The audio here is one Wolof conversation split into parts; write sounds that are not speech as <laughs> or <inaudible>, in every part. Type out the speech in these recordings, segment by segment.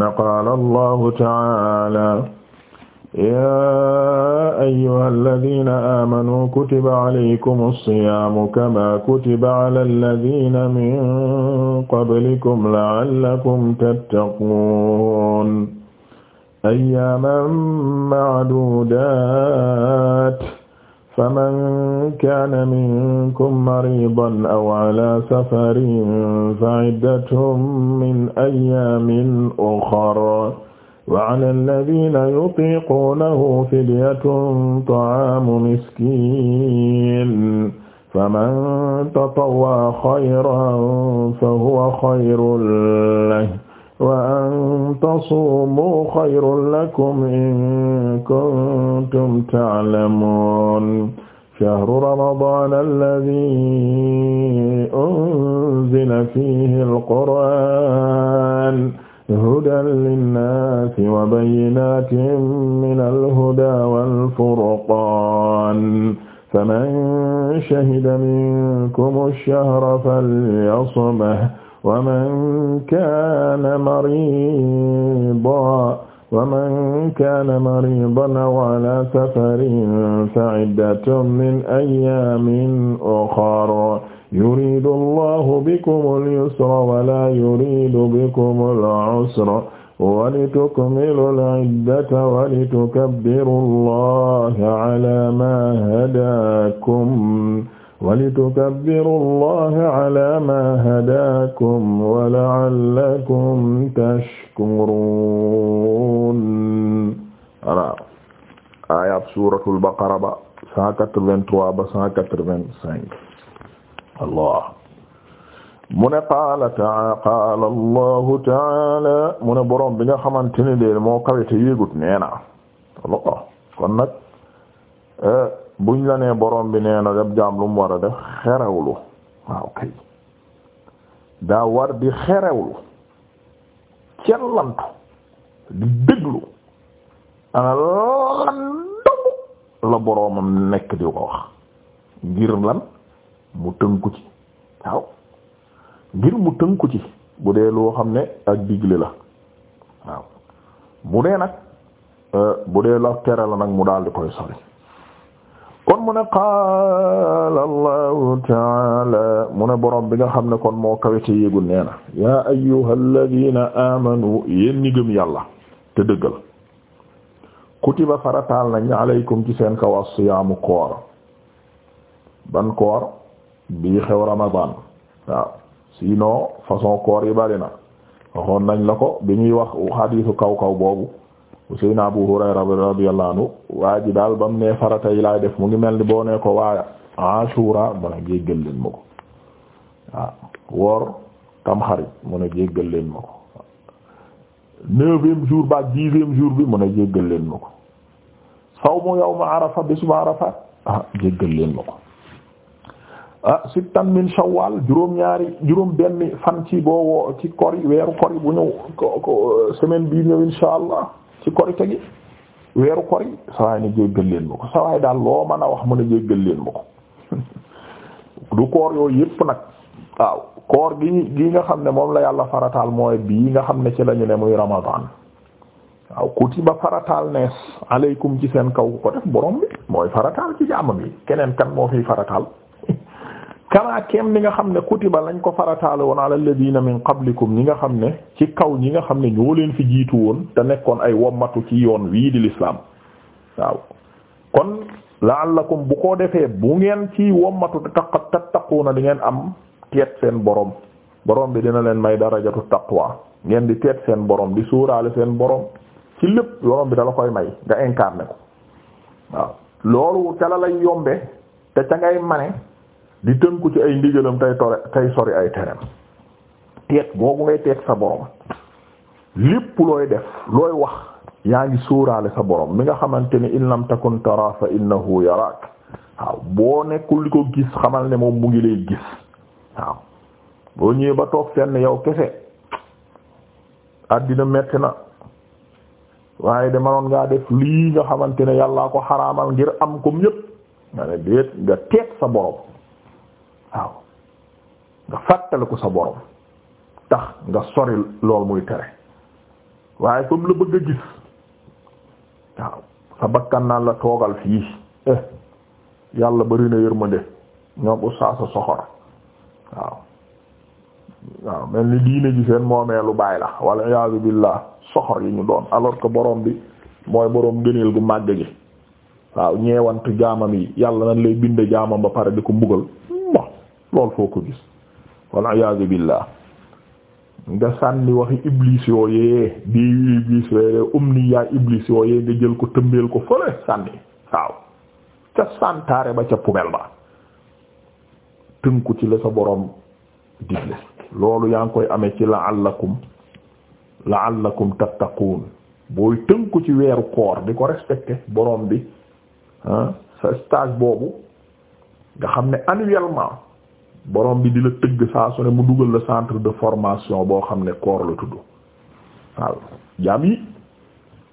ne qaala allahu taala yaa ayyuha alladina amanu kutiba alaykum alsiyaamu kama kutiba ala alladina min qablikum laallakum tattaquun ayyaaman maadudaat فمن كان منكم مريضا أو على سفر فعدة من أيام أخر وعلى الذين يطيقونه فدية طعام مسكين فمن تطوع خيرا فهو خير له wa an tasuumu xayrun lakum in kuntum ta'lamuun shahru ramadaana allazii unzila fiihi alqur'aan hudan linnaasi wa bayyinaatin minal hudaa wal furqaan faman shahida minkumu ash-shahra falyasumhu waman kaana mariidan waman kaana mariidan aw alaa safarin fa iddatun min ayyaamin ukhar yuriidu Allahu bikumul yusra wa laa yuriidu bikumul usra wa litukmilul iddata wa litukabbiru Allaha alaa maa hadaakum ولتكبروا الله على ما هداكم ولعلكم تشكرون voilà ayat suratul baqara ba 183 ba 185 allah mu ne qaala taala qaala allahu taala mu ne boroom bi nga xamante ne de moo kawite yéegut nee na kon nag eh, buñ la nee borom bi nee na def jaam lu mu war a def xerewlu waaw kay daa war di xerewlu cellantu di déglu ana lan la boroomam nekk di ko wax ngir lan mu tënku ci waaw ngir mu tënku ci bu dee loo xam ne ak digle la waaw bu dee nag euh, bu dee la tere la nag mu daal di koy sori kon mu ne qaala allahu taala mu ne borom bi nga xam ne kon moo kawete yéegul nee na yaa ayyuha amanu yéen gëm yàlla te dëggal kutiba farataal nañ alaykum ci seen kaw as-siyaamu koor ban koor bii xew ramadan waaw sinon façon koor yi bari na waxoon nañ la ko bi ñuy wax xadiisu kaw kaw boobu Seydina Abu Hurayra radiyallahu daal ba mu farata yi laay def mu ngi mel ni boo ne ko waa Ashura mu ne leen ma ko waaw woor Tamxarit mu ne jéggal leen ma ko neuvième jour ba dixième jour bi mu ne jéggal leen ma ko sawmu yawma Arafa bisuma Arafa ah jéggal leen ma ko ah sittan min shawwal juróom ñaari juróom benn fan ci boo woo ci kori weeru kori bu ñëw ko semaine bii ñëw insha allah ci korite gi weeru kori sawaay ne jéggal leen ma ko sawaay daal loo mën a wax mën a jéggal leen ma ko <laughs> du koor yooyu yëpp nag waaw koor gi gi nga xam ne moom la yàlla farataal mooy bii nga xam ne ci lañu ne muy ramadan waaw ba farataal nees aleykum ci seen kaw ko def borom bi mooy farataal ci jaamam yi keneen kan moo fiy farataal kamaa kem li nga xam ne kutiba lañ ko farataale woon ala alladina min qablikum ñi nga xam ne ci kaw ñi nga xam ne ñoo leen fi jiitu woon te nekkoon ay womatu ci yoon wii di l'islam waaw kon la'allakum bu ko defee bu ngeen ci wommatu te na di ngeen am teet seen boroom boroom bi dina leen may darajatu taqwa ngeen di teet seen boroom di suuraale seen borom ci lépp borom bi dala koy may nga incarné ko waaw loolu ca la lay yombe te ca ngay mane di ko ci ay ndigalam tey tore tey sori ay tereem teet boobu ngay teet sa borom lépp looy def looy wax yaa ngi sóoraale sa borom mi nga xamante ni in lam takun tara fa innahu yaraak waaw boo nekkul li ko gis xamal ne moom mu ngi lay gis waaw boo ñëwee ba toog fenn yow kese àddina metti na waaye dama noon ngaa def lii nga xamante ne yàllaa ko xaraamal ngir am comme yépp nga ne déet nga teet sa borom waaw nga fàttaliku sa borom tax nga sori lool muy tere waaye comme la bëgg a gis waaw sa bakkan naan la toogal fii eh. yàlla bari na yërmande ñoom ussa sa soxor waaw waaw mel ni diine ji seen moomee lu bàyyi la walla iyaazu billaah soxor yi ñu doon alors que borom bi mooy borom gëneel gu màgg gi waaw ñeewantu jaamam yi yàlla nañ lay bind jaamam ba pare di ko mbugal lool foo ko gis wal iyaazu billah nga sànni waxi iblis yooyee di iblis yooyee umni yaa iblis yooyee nga jël ko tëmbeel ko fële sànni waaw ca santaare ba ca poubelle ba tënku ci la sa boroom digle loolu yaa ngi koy amee ci la'allakum la'allakum tattaqun booy tënku ci weeru koor di ko respecté boroom bi ah sa stage boobu nga xam ne annuellement borom bi di la tëgg saa su ne mu dugal la centre de formation boo xam ne koor la tudd waaw jaam yi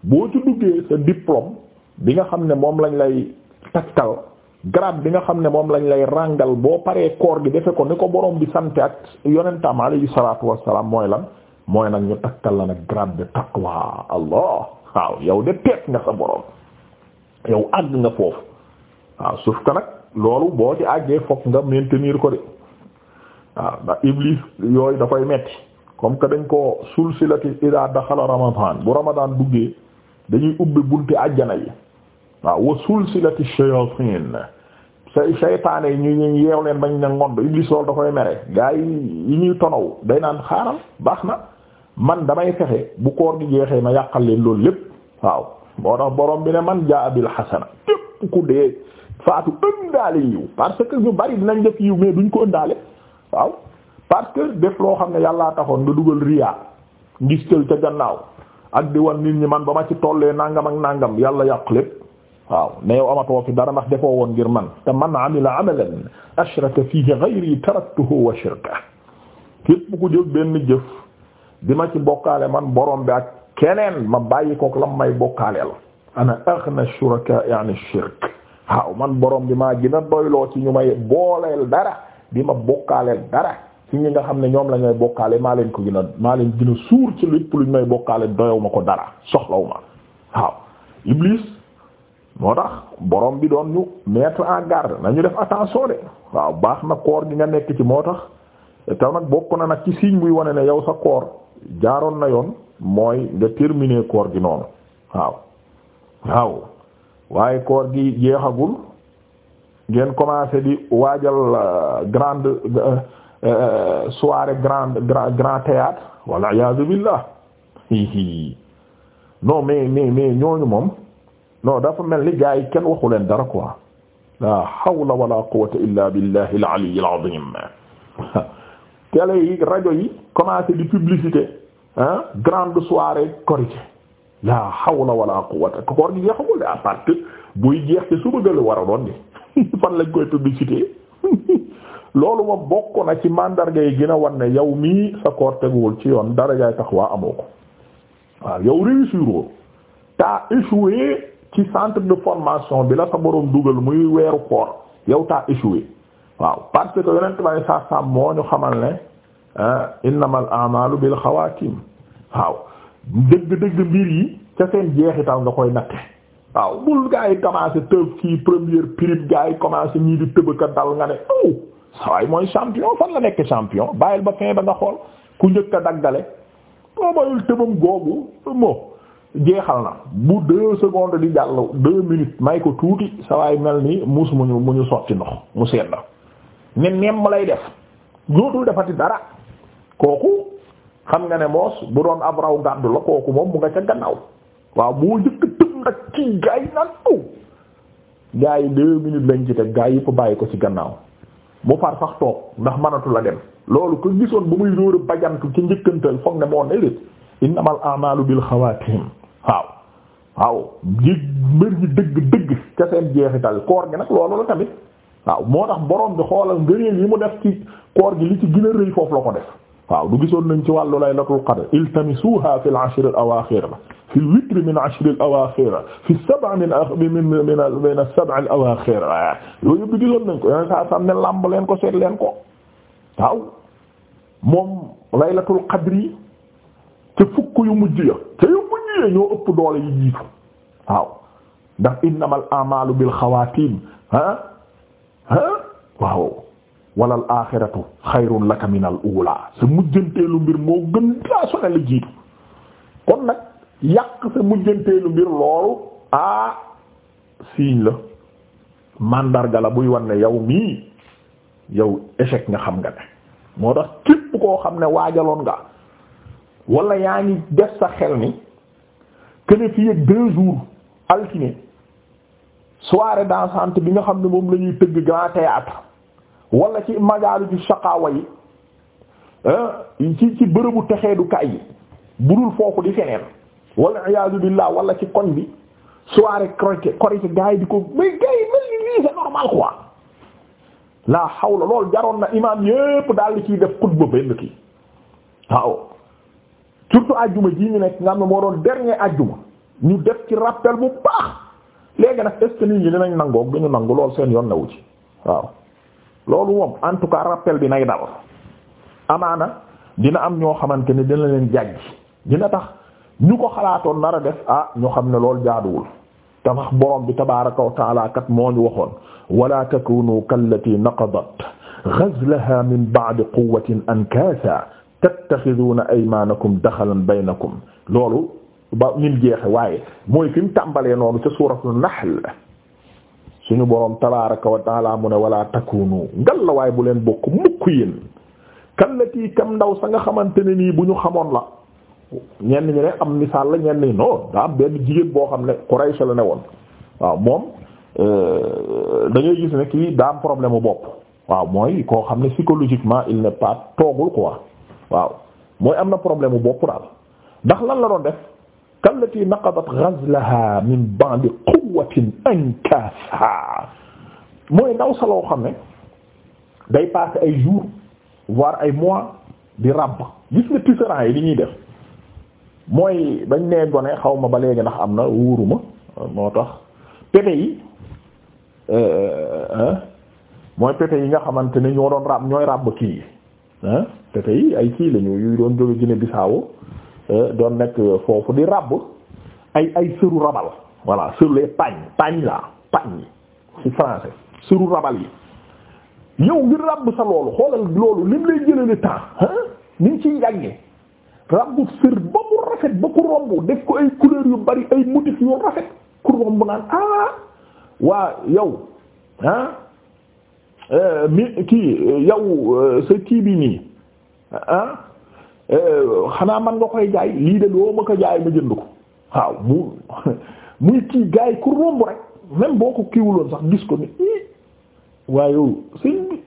boo ci duggee sa diplôme bi nga xam ne moom lañ lay takkal grade bi nga xam ne moom lañ lay ràngal boo paree koor gi defe ko ni ko borom bi sante ak yonentam alayhi salaatu wassalaam mooy lan mooy nag ñu takkal la nag grade de taqwa allah waaw yow de teet nga sa borom yow àgg nga foofu waaw suuf ka nag loolu boo ci àggee fokk nga maintenir ko waaw ndax iblis yooyu da koy metti comme que dañ ko sulsilati ida daxala ramadan bu ramadan duggee dañuy ubbi bunti àjjana yi waaw wa sulsilati shayatin say saytaane yi ñu ñu yeew leen bañ ne ngond iblis loolu da koy mere gaa yi yi ñuy tonaw day naan xaaral baax na man damay fexe bu koor gi jeexee ma yàqal leen loolu lépp waaw moo tax borom bi ne man jaa bil xasana képp ku dee faatu ëndaale yiw parce que ñu bari dinañ def yiw mais duñ ko ëndaale waaw parce que def loo xam ne yàllaa taxoon nga dugal riyaa ngis tël ca gannaaw ak di wan nit ñi man ba ma ci tollee nangam ak nàngam yàlla yàq lépp waaw ne yow amatoo fi dara ndax defoo woon ngir man te man amila amalan ashraka fihi ghayri taraktuhu wa shirka képp ku jëf benn jëf di ma ci bokkaale man borom bi ak keneen ma bàyyi kook lam may bokkaale la ana aghna shuraka yani shirk waaw man borom bi maa gina a doyloo ci ñu may booleel dara di ma bokkaaleel dara ci ñi nga xam ne ñoom la ñooy bokkaale maa leen ko gën a maa leen gën a suur ci lépp luñ may bokkaale doyaw ma ko dara soxlaw waaw Iblis moo tax borom bi doon ñu mettre en garde nañu def attention de waaw baax na koor gi nga nekk ci moo tax te nag bokk na nag ci signe buy wone ne yow sa koor jaaroon na yoon mooy nga terminer koor gi noonu waaw waaw waaye koor gi jeexagul ngeen commencé di waajal euh, euh, euh, grand soirée grande grand théâtre walla iyaazu billah non mais mais moom non dafa mel ni gars yi kenn waxu leen dara quoi la hawla wala quwwata illa billahi al-ali al-azim <laughs> télé yi rajo yi commencé di publicité ah grande soirée korité la hawla wala quwwata koor gi jeexagul de à buy jeex ci suba gëla war a <laughs> fan lañ koy publicité <laughs> loolu ma bokk na ci màndarga yi gën a wan ne yow mii sa koor teguwul ci yoon dara yaay tax waa amoo ko waaw yow réussir woo t'as ci centre de formation bi la sa boroom dugal muy weeru koor yow t'as échoué waaw parce que yonent bay sa sam moo ñu xamal ne ah, innamal a'malu bil xawaatim waaw dëgg-dëgg mbir yi ca seen jeexital nga koy natte waaw bul gaa yi commencé tëb kii première prime gaa yi commencé ñii di tëbaka dal nga ne oh sawaay mooy champion fan la nekk champion bàyyil ba fin ba nga xool ku njëkk a daggale boo mayul tëbam googu moo jeexal na bu deux secondes di jàll deux minutes may ko tuuti sawaay mel ni muus mu ñu mu ñu sotti ndox mu seet na ne nemm lay def dootul defati dara kooku xam nga ne moos bu doon ab raw gàddu la kooku moom mu nga ca gannaaw waaw boo njëkk tëb nag kii gaa yi naan ko oh. gaa yi deux minutes lañ ci teg gaa yëpp bàyyi ko ci gannaaw mu far sax toog ndax mënatu a dem loolu ko gisoon ba muy dóora bajantu ci njëkkantal foog ne moo ne déet innamal a'malu bil xawaatim waaw waaw ji mbir dëgg dëgg ca seen jeexital koor gi nag loolu la tamit waaw moo tax borom bi xoolal ngëneel yi mu def ci koor gi li ci gën rëy foofu la ko def waaw du gisoon nañ ci wàllu laylatul qadr iltamisuha fil ashr al awakhir fil witr min ashr fi sab' min min min as gisoon nañ ko yoneen saa sam leen ko seet leen ko waaw moom laylatul qadr yi fukk yu mujj ya ca yu mujj ya ñoo ëpp doole yi jiitu waaw ndax innamal a'malu bil ah ah waaw walal aaxiratu xayrun laka minal uulaa sa mujjanteelu mbir moo gën laa sone la jiitu kon nag yàq sa mujjanteelu mbir loolu ah siiñ la mandarga la buy wan ne yow mii yow échec nga xam nga ne moo tax képp koo xam ne waajaloon nga wala yaa ngi def sa xel ni kene fii ak deux jours altine soirée dansante bi nga xam ne moom lañuy ñuy tëgg grand théâtre wala ci magaalu ci shaqaawa yi eh, ci ci bërëbu texeedukaay yi budul foofu di feneen wala iyaadu billah wala ci koñ bi soirée cricket cricket gars yi di ko mais gars yi mel ni lii c'est normal quoi la hawla loolu jaroon na imaam yépp daal di ciy def xutba benn kii waaw surtout ajjuma ji ñu nekk nga xam ne moo doon dernier ajjuma ñu def ci rappel bu baax léegi nag est ce que nit ñi duñu nangu lool seen yoon newu ci waaw. loolu moom en tout cas bi nay dal amaana dina am ñoo xamante ne dina leen jàjj dina tax ñu ko xalaatoon nar a def ah ñu xam ne loolu jaaduwul te wax borom bi tabaaraka wa taala kat moo ñu waxoon wala takunu kallati naqadat ghazlaha min ba'di quwwatin ankaasa tattakhiduna aymanakum dakhalan baynakum loolu ba nim jeexe waaye mooy fi mu tàmbalee noonu ca suuratul nahl suñu borom tabaaraka wa taala mu ne wala takunu ngal la waaye bu leen bokk mukk yéen kii kam ndaw sa nga xamante ne nii bu ñu xamoon la ñenn ñi ne am misaal la ñenn ñi non daa am benn jigéen boo xam ne Quraysh la ne woon waaw moom euh, da gis ne kii daa am problème mu bopp waaw mooy koo xam ne psychologiquement il n'est pas toogul quoi waaw mooy am na problème mu bopp daal ndax lan la doon def kallati naqadat ghazlaha min ba'di quwwatin ankasa mooy ndaw sa loo xam ne day passer ay jours voire ay mois di ràbb gis nga tisserand yi li ñuy def mooy bañ nee gone xaw ma ba léegi ndax am na wóoruma moo tax pete yi euh, mooy pete yi nga xamante ni ñoo doon ràbb ñooy ràbb kii yi pete yi ay kii lañu yuy doon jóge Guinée Bissau Euh, doon nekk foofu di ràbb ay ay sëru rabal voilà sur les pagnes pagne la pagne ci français sëru rabal yi yow ngir ràbb sa loolu xoolal loolu lim lay jëlale temps ah ni ngi ciy jànge sër ba mu rafet ba ku romb def ko ay couleurs yu bari ay motifs yu rafet ku romb naan ah waa yow ah mi kii euh, yow sa kii bi nii Euh, xanaa man nga koy jaay lii de loo ma ko jaay ma jënd ko waaw mu <laughs> muy kii gars ku romb rek même boo ko kiiwuloon sax gis ko ni waaye yow sëñ bi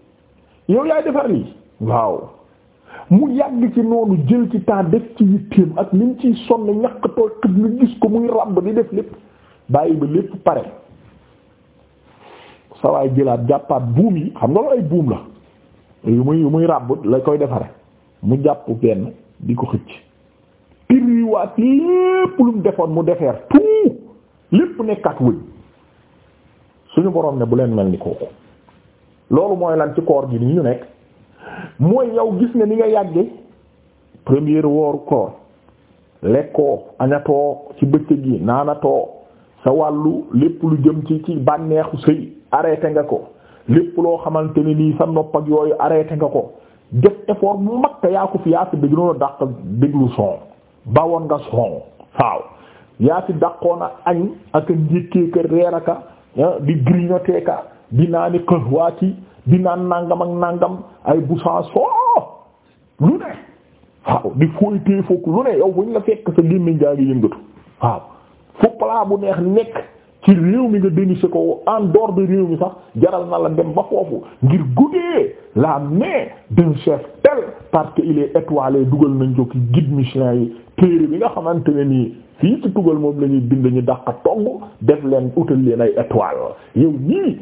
yow yaay defar lii waaw mu yàgg ci noonu jël ci temps def ci yitteem ak ni mu sonn ñàkk tooy xëj gis ko muy ràbb di def lépp bàyyi ba lépp pare sawaay jëlaat jàppaat buum yi xam nga loolu ay buum la yu muy muy ràbb la koy defaree. mu jàpp benn di ko xëcc piriwaat lépp lu mu defoon mu defeer tout lépp nekkat wëñ suñu boroom ne bu leen mel ni kooku loolu mooy lan ci koor gi ni ñu nekk mooy yow gis ne ni nga yàgge première wooru koor lekkoo añatoo ci bëccëg yi naanatoo sa wàllu lépp lu jëm ci ci bànneexu sëy arrêté nga ko lépp loo xamante ni nii sa nopp ak yooyu arrêté nga ko def effort bu mag te yaa ko fi yaa fi déglu dàq déglu son bawoon nga son waaw yaa fi dàqoon a añ ak a njëkkee ka reer aka di grignoter ka di naan qahwati di naan nangam ak nangam ay bouchons foo ah, lu ne waaw di fooy téye lu ne yow bu ñu la fekk sa gémmiñ gaa ngi yëngatu waaw fu plat bu neex nekk. ci réew mi nga déniché ko en dehors de réew mi sax jaral na la dem ba foofu ngir goûter la main d'un tel parce que il est étoilé dugal nañ ko ci guide Michelin yi bi nga xamante ne nii fii ci tugal moom lañuy ñuy bind ñu dàq togg def leen utal leen ay étoile yow ñii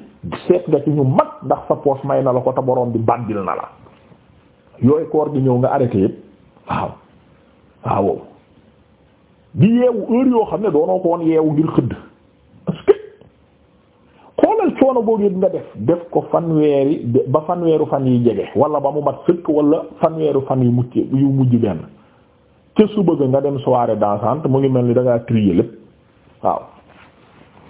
seet nga ci ñu mag ndax sa poche may na la ko te borom bi bandil na la yooyu koor gi ñëw nga arrêté yëpp waaw waaw di yeewu heure yoo xam ne doonoo ko woon yeewu ngir xëdd coono boo gën nga def def ko fanweeri ba fanweeru fan yi jege wala ba mu mat fëkk wala fanweeru fan yu mucc yu mujj benn ca suba ga nga dem soirée dansante mu ngi mel ni da ngaa trier lépp waaw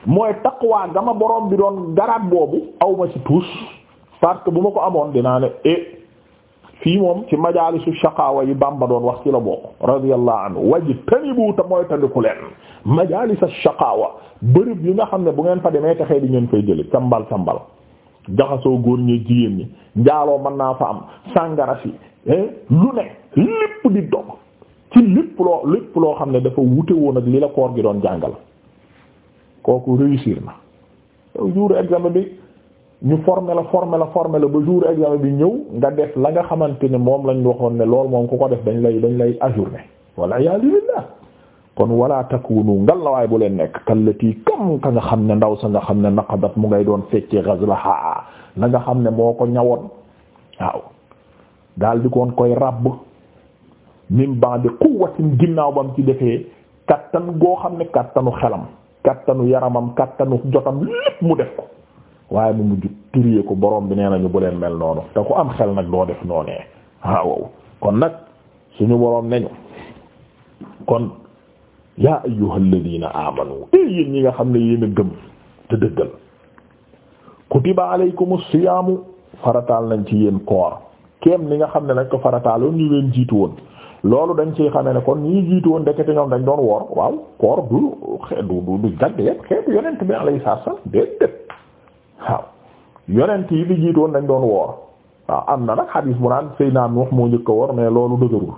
mooy taqwaa gama borom bi doon garaat boobu awma ci tuus parce que bu ma ko amoon dinaa ne eh fii moom ci majaalisu shaqaawa yi Bamba doon wax ci la bokk radiyallahu anhu wajtanibu te mooy tandiku leen majaalisa shaqaawa bërëb yi nga xam ne bu ngeen fa demee texee di ngeen fay jële cambal cambal jaxasoo góor ñi jigéen ni njaaloo man naa fa am sàngara si eh? lu ne lépp di dog ci lépp loo lépp loo xam ne dafa wute woon ak li la koor gi doon jàngal kooku réussir na jour examen bi ñu formé la formé la formé la ba jour examen bi ñëw nga def la nga xamante ne moom lañu waxoon ne loolu moom ku ko def dañu lay dañ lay ajourné walla yaa billah kon wala takunu ngalawaay bu leen nekk kallati kam ka nga xam ne ndaw sa nga xam ne naqadat mu ngay doon fecce ghazlaha la nga xam ne moo ko ñawoon waaw daal di koy ràbb min ba'di ginnaaw bam ci defee kattan goo xam ne kattanu xelam kattanu yaramam kattanu jotam lépp mu def ko waaye mu mujj turiyee ko boroom bi nee nañu bu leen mel noonu te ku am xel nag doo def noonee waaw kon nag suñu borom nañu kon yaa ayyuhal ladina amanu ee eh, yéen ñi nga xam ne yéen a gëm te dëggal kutiba alaykumus siyaamu farataal nañ ci yéen koor kem ni nga xam ne nag ko farataaloon ñu leen jiitu woon loolu dañ ci xamee ne kon ñi jiitu woon ndekete ñoom dañ doon woor waaw koor du du jagg yépp xeetu yonent bi alayhi salaam déedéet waaw yonent yi li jiitoon dañ doon woor waaw am na nag xadiis bu naan Seydina Nuux moo njëkk a woor mais loolu dëgërul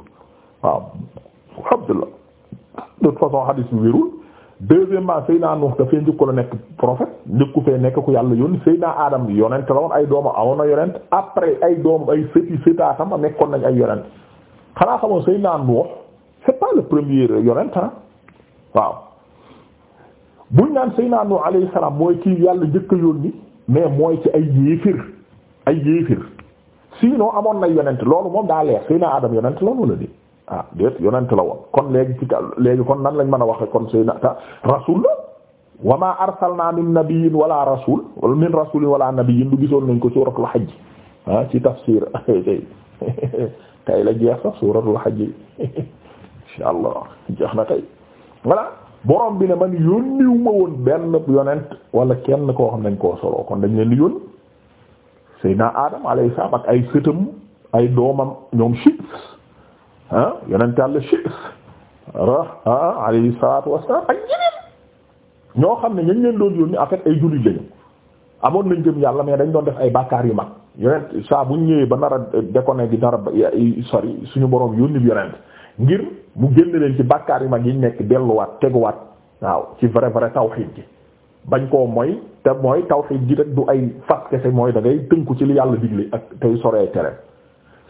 waaw Abdullah de toute façon xadiis bi wérul deuxièmement Seydina Nuux dafay njëkk la nekk prophète njëkku fee nekk ku yàlla yónni Seydina Adam bi yonent la woon ay doomam awoon na yonent après ay doom ay sëti sëtaatam nekkoon nañ ay yonent xanaa xamoon Seydina Nuux c'est pas le premier yonent ah waaw buñ naan Seydina Nuux alayhi mooy kii yàlla njëkk a mais mooy ci ay yéefir ay yéefir sinon amoon na yonent loolu moom daa leer Seydina Adam yonent la wala ah déet yonent la woon kon léegi ci léegi kon nan lañ mën a waxe kon Seydina ta rasul la wa ma arsalna min nabiyyin wala rasul min rasulin wala nabiyyin lu gisoon nañ ko suuratul hajj ah ci tafsir <laughs> tay tay la jeex sax suuratul hajj <laughs> insha allah jeex na tey voilà borom bi ne man yónniw ma woon benn yonent wala kenn koo xam nañ koo soloo kon dañ leen di yónni Seydina Adam alayhi ak ay sëtam ay doomam ñoom Chiis ah yonent Yàlla Chiis ah alayhi salaatu ñoo xam ne ñañ leen doon yónni en fait ay jullit lañu amoon nañ gëm yàlla mais dañ doon def ay bàkkaar yu mag yonent saa bu ñu ñëwee ba nar a déconné gi nar a sori suñu borom yónni bi yonent ngir mu génn leen ci bàkkaar yu mag yi nekk delluwaat teguwaat waaw ci vrai vrai tawxiid ji bañ koo mooy te mooy tawxiid ji rek du ay fas kese mooy da ngay tënku ci li yàlla digle ak tey soree tere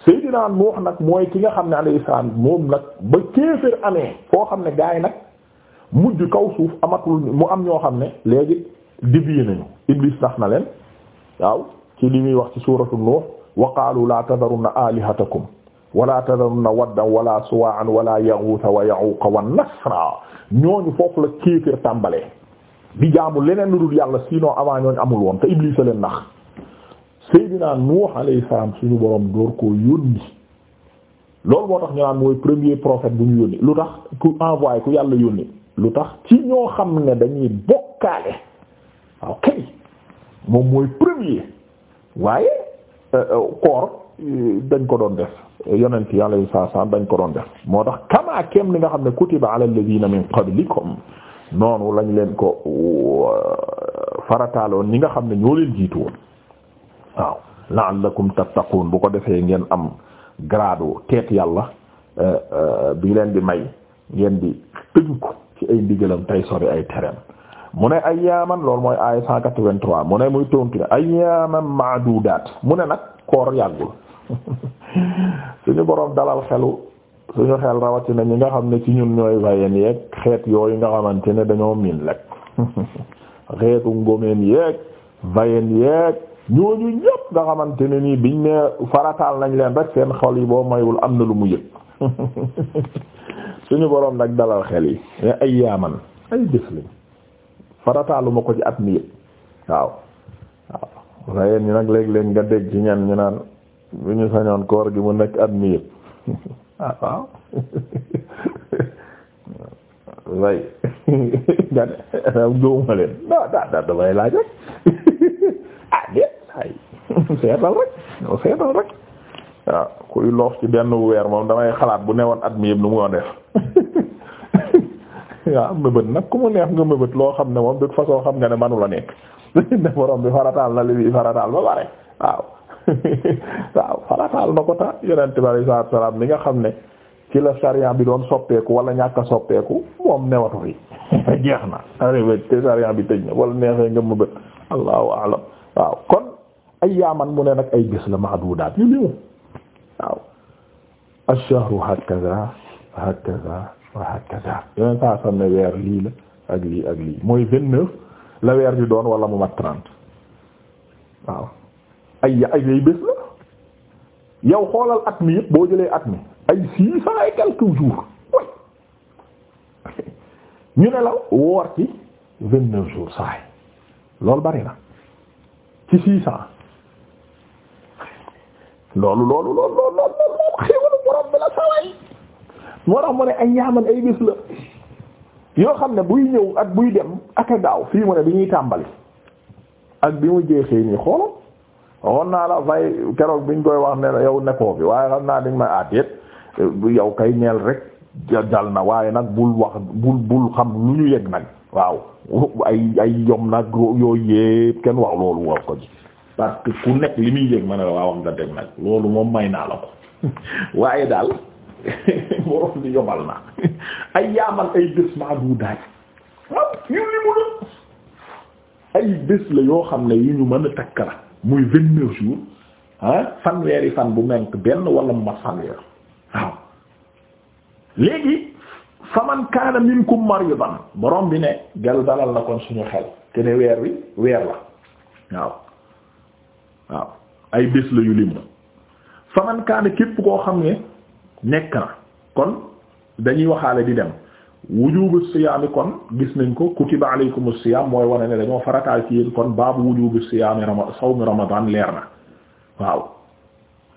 Seydina Nuux nag mooy ki nga xam ne alayhi salaam moom nag ba kéefër amee foo xam ne gaay nag mujj kaw suuf amatul mu am ñoo xam ne léegi dévié nañu Iblis nax na leen waaw ci li muy wax ci suuratu Nuux wa qaalu laa tadarunna aalihatakum wala na waddan wala suwaa'an wala yaghutha wa ya'uqa wa nasra ñooñu foofu la kéefër tàmbalee di jaamu leneen lu dul yàlla sinon avant ñooñu amul woon te Iblis a leen nax Seydina Nuux alayhi salaam suñu borom door koo yónni loolu moo tax ñu naan mooy premier profet bu ñu yónni lu tax ku envoyé ku yàlla yónni lu tax ci ñoo xam ne dañuy bokkaale waaw kay moom mooy premier waaye euh, euh, koor dañ ko doon def yonent yàlla yu saa saa dañ ko doon def moo tax kamaa kem li nga xam ne kutiba ala alladhina min qablikum noonu lañu leen ko euh, farataaloon ñi nga xam ne ñoo leen jiitu woon waaw la'allakum tattaqun bu ko defee ngeen am grade teet yàlla euh, euh, bi leen di may ngeen di tënku ci ay ndigalam tey sori ay tereem mu ne ay ayyaaman loolu mooy ay 183 mu ne muy tontu ayyaaman ma'dudaat mu ne nag koor yàggul <laughs> suñu boroom dalal xelu suñu xel rawatina ñi nga xam ne ci ñun ñooy vayen yeeg xeet yooyu nga xamante ne dañoo miin lekk <laughs> xeetu ngomeen yeeg vayen yeeg ñooñu ñëpp nga xamante ne nii biñ ne farataal nañ leen rek seen xol yi boo mayul am na lu mu yëg <laughs> suñu boroom nag dalal xel yi mais ay yaaman ay jëf lañ farataalu ko ci at mi yëpp waaw waaw vayen nag léeg-léeg nga dégg ci ñenn ñu naan bu ñu sañoon koor gi mu nekk at mi yëpp <laughs> ah, waaw <laughs> way <laughs> nga ne góoma leen da da da damay laaj rek ah déet ay seetal rek ñoo seetal rek waaw ah, kuy loof ci benn weer moom damay xalaat bu ne woon mi yëpp nu mu woon def waaw mëbët nag ku mu neex nga mëbët loo xam ne moom de façon xam nga ne manu la nekk ne borom bi farataal na li bi farataal ba bare waaw waaw farataal na ko ta yonent bi alayhi salaam mi nga xam ne ci la sariya bi doon soppeeku wala ñàkk soppeeku moom newatu fi <laughs> jeex na te sariya bi tëj na wala neexee nga mëbët allahu alam waaw kon ay yaaman mu ne nag ay bés la mahdudaat yu limu waaw ash-shahru hakaza hakaza yeneen saa sam weer lii la ak lii ak lii mooy vingt-neuf la weer di doon wala mu mat trente waaw ay ay ay bés la yow xoolal at mi yëpp boo jëlee at mi ay six cent et quelques jours <laughs> ñu ne la woor ci vingt neuf jours saay loolu bari na ci loolu loolu loolu loolu loolu loolu xéewalu borom bi la saway moo tax mu ne ay ñaaman ay bés la yoo xam ne buy ñëw ak buy dem ak a gaaw fii mu ne bi ñuy tàmbali ak bi mu jeexee nii xoolal waxoon naa la fay keroog biñ koy wax ne yow nekkoo fi waaye xam naa dañ may àddeet yow kay ñeel rek jal na waaye nag bul wax bul bul xam lu ñu yëg nag waaw ay yom nag yooyu yëpp kenn wax loolu war ko ci parce que ku nekk li muy yëg ma ne la waa wax nga teg nag loolu moom may naa la ko <laughs> waaye daal <laughs> borom bi yobal na <laughs> ay yaamal ay bés maa du daaj ay bés la yoo xam ne yu ñu mën a takk la muy vingt neuf ah fanweeri fan bu menk benn walla mu mat fanweer waaw léegi faman kaana minkum maridan borom bi ne gel dalal na kon suñu xel te weer wi weer la waaw waaw ay bés la yu lim na faman képp koo xam ne nekk na kon dañuy waxaale di dem wujubu siyaami kon gis nañ ko kutiba alaykumu siyaam mooy wane ne dañoo farataal ci yéen kon baabu wujubu siyaami rama sawmi ramadan leer na waaw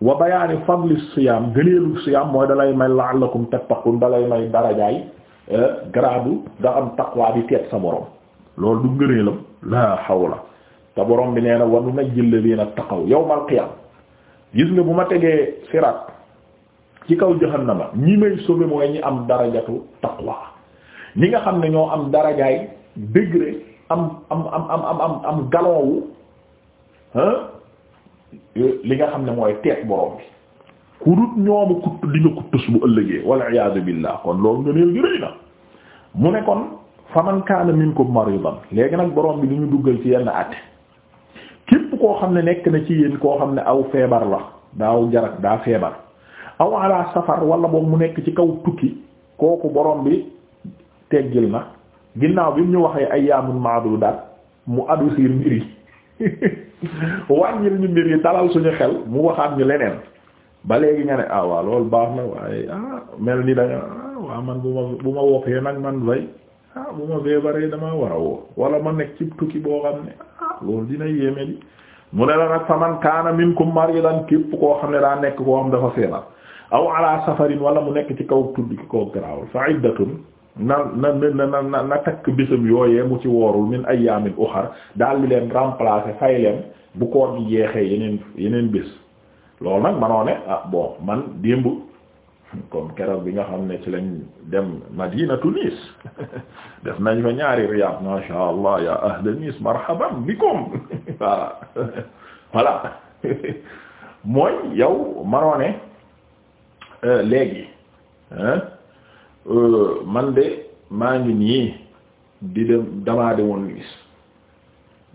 wa bayaani fadli siyaam gëneelu siyaam mooy dalay may la'allakum tattaqun dalay may darajaay eh, garaadu nga am taqwa bi teet sa borom loolu du ngëneelam laa hawla te borom bi nee na wa nunajji alladhina taqaw yawmal qiyam gis nga bu ma tegee siraat ci kaw jahannama ñi may sauver mooy ñi am darajatu taqwa li nga xam ne ñoo am darajaay degré am am am am am am galon wu euh, li nga xam ne mooy teet borom bi ku dut ñoomu kutt di nga kuttus bu ëllëgee wal iyaazu billah kon loolu nga neel jërëy na mu ne kon faman kaana minkum maridan léegi nag boroom bi li ñu duggal ci yenn at képp koo xam ne nekk na ci yéen koo xam ne aw feebar la daaw jarak daa feebar aw ala safar wala boobu mu nekk ci kaw tukki kooku boroom bi teggil na ginnaaw bi mu ñu waxee ayyaamun ma'duudaat mu adoucir mbir yi <laughs> wàññil ñu mbir yi dalal suñu xel mu waxaat ñu leneen ba léegi nga ne ah waa loolu baax na waaye ah mel ni da nga ah waa man bu ma bu ma woppee nag man bay ah bu ma feebaree damaa war a woo wala ma nekk ci tukki boo xam ne ah loolu dina yéeme di mu ne la nag faman kaana minkum maridan képp koo xam ne daa nekk koo xam dafa feebar aw safarin wala mu nekk ci kaw tudd ki na na na na na takk bésam yooyee mu ci woorul min ayyamin uxar daal di leen remplacer fay leen bu koor gi jeexee yeneen yeneen bés loolu nag manoo ah bon man démb comme keroog bi nga xam ne ci lañ dem Madina Tunis <laughs> def nañ fa ñaari riyaad ma sha Allah ya ahla Nice marhaban bikum <laughs> voilà <laughs> voilà mooy yow manoo euh, léegi Euh, man de maa ngi nii di dem damaa de woon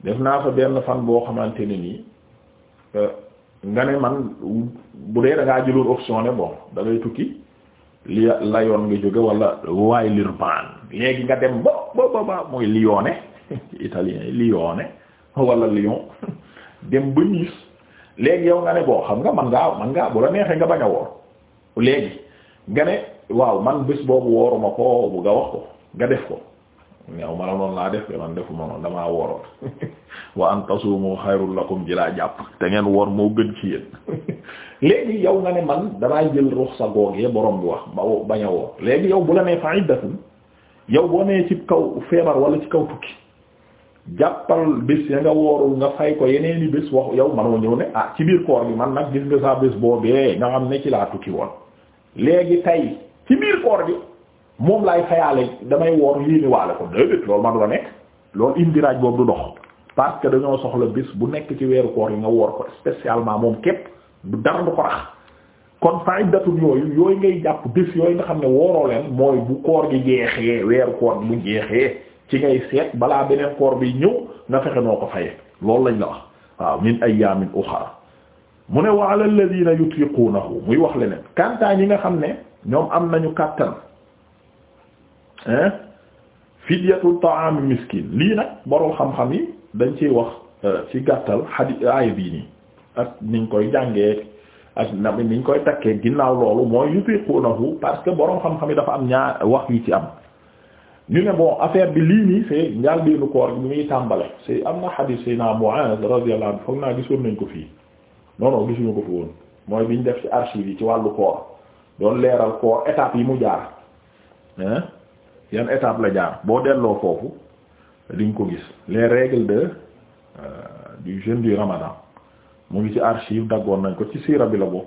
def naa fa benn fan boo xamante ne nii euh, nga ne man bu dee da jëloon option ne bon da tukki li yoon nga jóge wala waaye Villeurbanne léegi nga dem ba ba ba mooy Lione <laughs> italien yi Lione wala Lyon <laughs> dem ba léegi yow nga ne boo xam nga man ngaa man ngaa bu la neexee nga bañ léegi nga ne. waaw man bés boobu wooruma ko bu nga wax ko nga def ko ñaw ma la noonu laa def man defuma noonu damaa wooroon <laughs> wa an tasumu xayrul lakum ji laa jàpp te ngeen woor moo gën ci yéen <laughs> léegi yow nga ne man damay jël ruxsa googee borom bi wax ba bañ a woor léegi yow bu la nee fa iddatun yow boo nee ci kaw feebar wala ci kaw tukki jàppal bés ya nga woorul nga fay ko yeneen i bés wax yow manoo ñëw ne ah ci biir koor gi man nag gis nga saa bés boobee ne ci laa tukki woon léegi ci biir koor bi moom laay fayaale damay woor lii ni waale ko déedéet loolu man la nekk loolu indiraaj boobu du dox parce que dañoo soxla bis bu nekk ci weeru koor yi nga woor ko spécialement moom képp du dara du ko rax kon fa iddatun yooyu yooyu ngay jàpp bés yooyu nga xam ne wooroo leen mooy bu koor gi jeexee weeru koor gi bu jeexee ci ngay seet balaa beneen koor bi ñëw nga fexe noo ko fayee loolu lañ la wax waaw min ayyamin ukhra mu ne wa ala alladhina yutiqunahu muy wax leneen kantaa ñi nga xam ne ñoom am nañu kàttan hein fidyatul ta'am miskin lii nag boroom xam-xam yi dañ ciy wax euh, ci gàttal xadi aaya bii nii ak niñ koy jàngee ak na niñ koy takkee ginnaaw loolu mooy yutiqunahu parce que borom xam-xam yi dafa am ñaar wax yi ci am ñu ne bon affaire bi lii nii c'est njàlbéenu koor bi muy tàmbale c'est am na xadiis sayna Mu'aaz radiyallahu anhu foog naa gisoon nañ ko fii non gisuñu ko fi woon mooy biñ def ci archive yi ci wàllu koor doon leeral koor étape yi mu jaar yan étape la jaar boo delloo foofu liñ ko gis les règles de euh, du jeûne du ramadan mu ngi ci archive daggoon nañ ko ci siira bi la bokk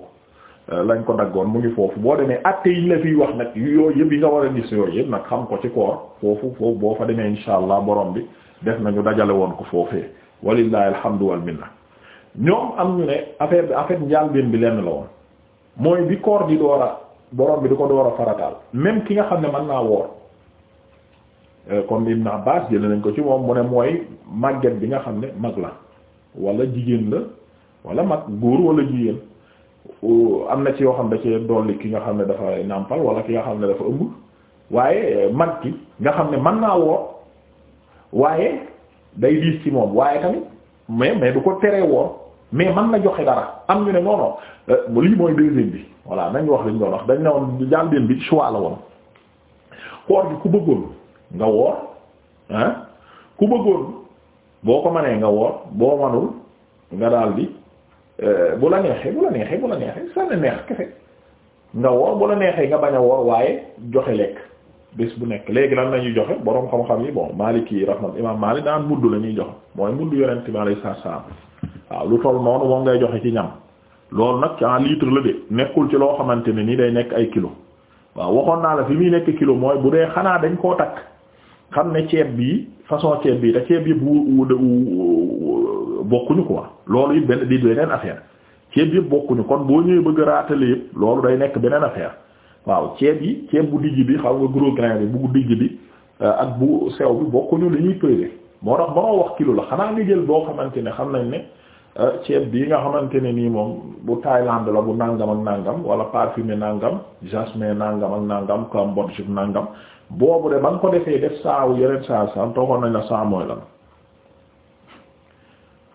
euh, lañ ko daggoon mu ngi foofu boo demee atte yiñ la fiy wax nag yooyu yëpp yi nga war a gis yooyu yëpp nag xam ko ci koor foofu foofu boo fa demee insha allah borom bi def nañu dajale woon ko foofee walillahi alhamdu wal minna ñoom am ñu ne affaire bi affaire njàlbeen bi lenn la woon mooy borom bi di ko door a farataal même ki nga xam ne man naa woor euh, comme Ibn Abbas jël nañ ko ci moom mu ne mooy màgget bi nga xam ne mag la wala jigéen la wala mag góor wala jigéen euh, am na ci yoo xam da cee dolli ki nga xam ne dafa nàmpal wala ki nga xam ne dafa ëmb waaye euh, nga xam ne mën naa woor waaye day diis ci moom waaye tamit mais mais du ko teree woor mais mën na joxe am ñu ne non non lii mooy deuxième bi. voilà nañ wax liñ doon wax dañ ne woon jàmbeen bi choix la woon koor gi ku bëggoon nga woor ah ku bëggoon boo ko manee nga woor boo manul nga daal di euh, bu la neexee bu la neexee bu la neexee sa neex kese nga woor bu la neexee nga bañ woor waaye joxe lekk bés bu nekk léegi lan la ñuy joxe boroom xam-xam yi bon Maalik yi rahmat imam Maalik daan mudd la ñuy joxe mooy mudd yonent bi alayhi salaam waaw lu toll noonu moom ngay joxe ci ñam loolu nag en litre la de nekkul ci loo xamante ne ni day nekk ay kilo waaw waxoon naa la fi muy nekk kilo mooy bu dee xanaa dañ koo takk xam ne ceeb bi façon ceeb bi te ceeb yëpp wu bokkuñu quoi loolu it benn di beneen affaire ceeb yëpp bokkuñu kon boo ñëwee bëgg raatale yëpp loolu day nekk beneen affaire waaw ceeb yi ceeb bu dijj bi xam nga gros grain bu dijj bi euh, ak bu sew bi bokkuñu li ñuy peser moo tax ba wax kilo la xanaa nga jël boo xamante ne xam nañ ne. Euh, ceeb bii nga xamante ne nii moom bu Thaïlande la bu nàngam ak nàngam wala parfumé nangam jasmin nangam ak nangam Cambodge nàngam boobu de ba nga ko defee def saawu yeneen saa saa toogoon nañ la saa mooy lan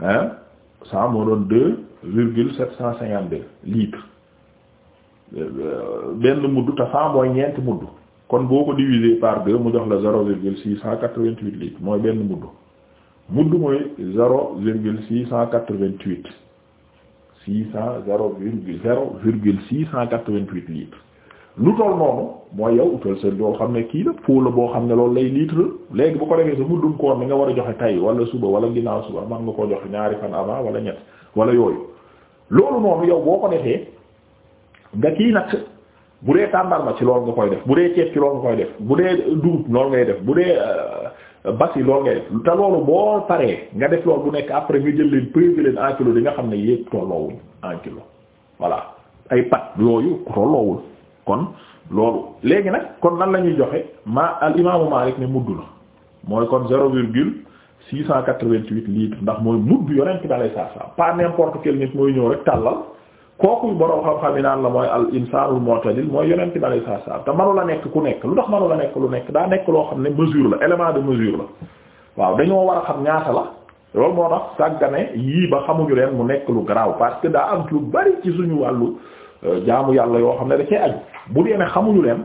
hein saa moo doon deux virgule sept cent cinquante deux litres euh, euh, benn mudd te saa mooy ñeenti kon boo ko diviser par deux mu jox la zéro virgule six cent quatre-vingt-huit litres mooy benn mudd. mudd mooy zéro virgule six cent quatre-vingt-huit six cent zéro virgule zéro virgule six cent quatre-vingt-huit litres lu toll noonu mooy yow utal seen doo xam ne kii la pot la boo xam ne loolu lay litre léegi bu ko defee sa muddum koor mi nga war a joxe tay wala suba wala ginnaaw suba man nga ko joxe ñaari fan avant wala ñett wala yooyu loolu noonu yow boo ko defee nga kii nag bu dee tàndarma ci loolu nga koy def bu dee ceeb ci loolu nga koy bu dee dugub loolu ngay def bu dee euh, basi loolu ngay def te loolu boo paree nga def lool bu nekk après nga jël leen peser leen en kilo di nga xam ne yépp tolloowuñ en kilo voilà ay pat yooyu tolloowul kon loolu léegi nag kon nan la ñuy joxe ma al imaamu Maalik ne mudd la mooy kon zéro virgule six cent quatre-vingt-huit litres ndax mooy mudd yonent bi alayhi salaam pas n'importe quel nit mooy ñëw rek tàllal kooku borom xam-xam naan la mooy al insaanul mu'tadil mooy yonent bi alayhi salaatu salaam te manu la nekk ku nekk lu tax manu la nekk lu nekk daa nekk loo xam ne mesure la élément de mesure la waaw dañoo war a xam ñaata la loolu moo tax sàggane yii ba xamuñu leen mu nekk lu garaaw parce que daa am lu bari ci suñu wàllu euh, jaamu yàlla yoo xam ne da cee aju bu dee ne xamuñu leen